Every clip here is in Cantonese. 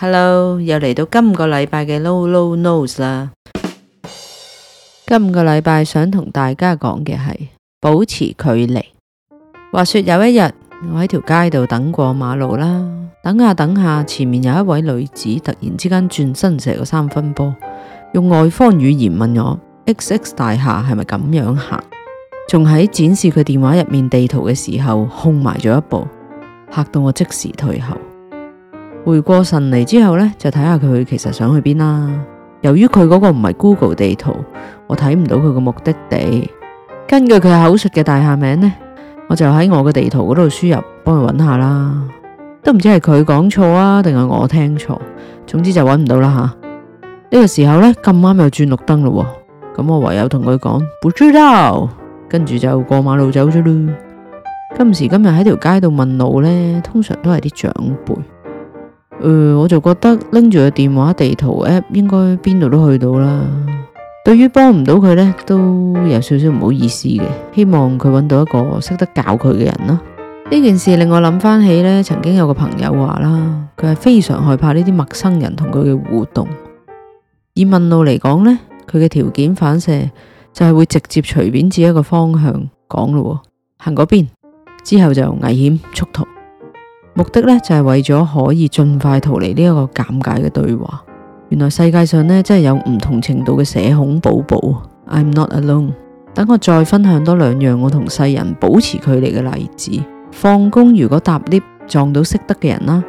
Hello，又嚟到今個禮拜嘅 Low Low Nose 啦。今個禮拜想同大家講嘅係保持距離。話說有一日，我喺條街度等過馬路啦，等下等下，前面有一位女子突然之間轉身射個三分波，用外方語言問我：X X 大廈係咪咁樣行？仲喺展示佢電話入面地圖嘅時候，空埋咗一步。嚇到我即時退後，回過神嚟之後呢，就睇下佢其實想去邊啦。由於佢嗰個唔係 Google 地圖，我睇唔到佢個目的地。根據佢口述嘅大廈名呢，我就喺我嘅地圖嗰度輸入，幫佢搵下啦。都唔知係佢講錯啊，定係我聽錯，總之就搵唔到啦吓。呢、啊這個時候咧，咁啱又轉綠燈咯，咁我唯有同佢講不知道，跟住就過馬路走咗啦。今時今日喺條街度問路呢，通常都係啲長輩。誒、呃，我就覺得拎住個電話地圖 app，應該邊度都去到啦。對於幫唔到佢呢，都有少少唔好意思嘅。希望佢搵到一個識得教佢嘅人啦。呢件事令我諗翻起呢，曾經有個朋友話啦，佢係非常害怕呢啲陌生人同佢嘅互動。以問路嚟講呢，佢嘅條件反射就係、是、會直接隨便指一個方向講咯，行嗰邊。之後就危險速逃，目的咧就係為咗可以盡快逃離呢一個尷尬嘅對話。原來世界上咧真係有唔同程度嘅社恐寶寶。I'm not alone。等我再分享多兩樣我同世人保持距離嘅例子。放工如果搭 lift 撞到識得嘅人啦，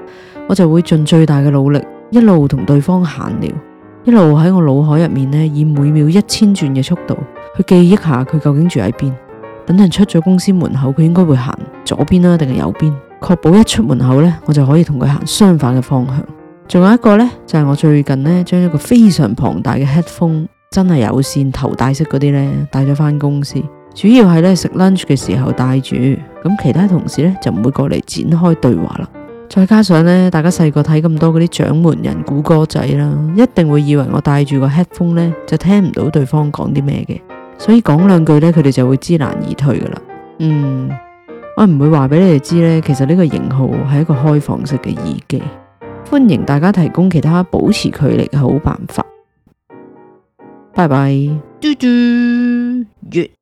我就會盡最大嘅努力一路同對方閒聊，一路喺我腦海入面咧以每秒一千轉嘅速度去記憶下佢究竟住喺邊。等陣出咗公司門口，佢應該會行左邊啦，定係右邊，確保一出門口咧，我就可以同佢行相反嘅方向。仲有一個咧，就係我最近呢，將一個非常龐大嘅 headphone，真係有線頭戴式嗰啲咧，帶咗返公司，主要係咧食 lunch 嘅時候戴住。咁其他同事咧就唔會過嚟展開對話啦。再加上呢，大家細個睇咁多嗰啲掌門人古歌仔啦，一定會以為我戴住個 headphone 咧就聽唔到對方講啲咩嘅。所以講兩句呢，佢哋就會知難而退㗎喇。嗯，我唔會話俾你哋知呢，其實呢個型號係一個開放式嘅耳機，歡迎大家提供其他保持距離嘅好辦法。拜拜。嘟嘟月。